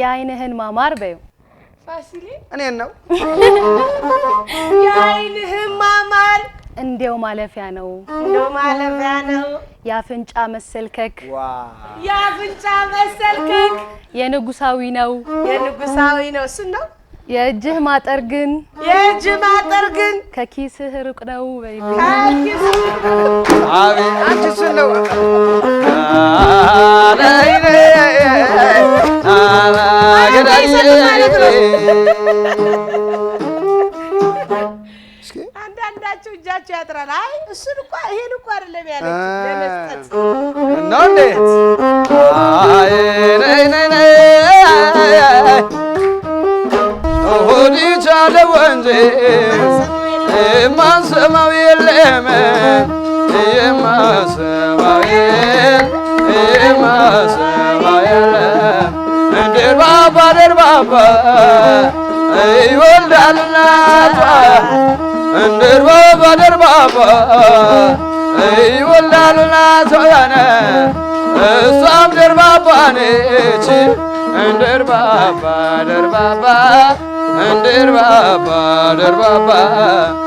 የአይንህን ማማር በይው ፋሲሌ፣ እኔን ነው የአይንህን ማማር እንዲያው ማለፊያ ነው እንዲያው ማለፊያ ነው። የአፍንጫ መሰልከክ የአፍንጫ መሰልከክ የንጉሳዊ ነው የንጉሳዊ ነው። እሱን ነው። የእጅህ ማጠር ግን የእጅህ ማጠር ግን ከኪስህ ሩቅ ነው በይው። አንቺ እሱን ነው አንዳንዳችሁ እጃችሁ ያጥራል። አይ እሱን እኮ ይሄን እኮ አይደለም ያለች ለመስጠት ነው። እንዴት ሆድ ቻለ ወንዜ የለም ድርባባ ድርባባ ይወልዳል እናቷ ድርባባ ድርባባ ያነ እሷም ድርባባ ነች ድርባባ ድርባባ ድርባባ ድርባባ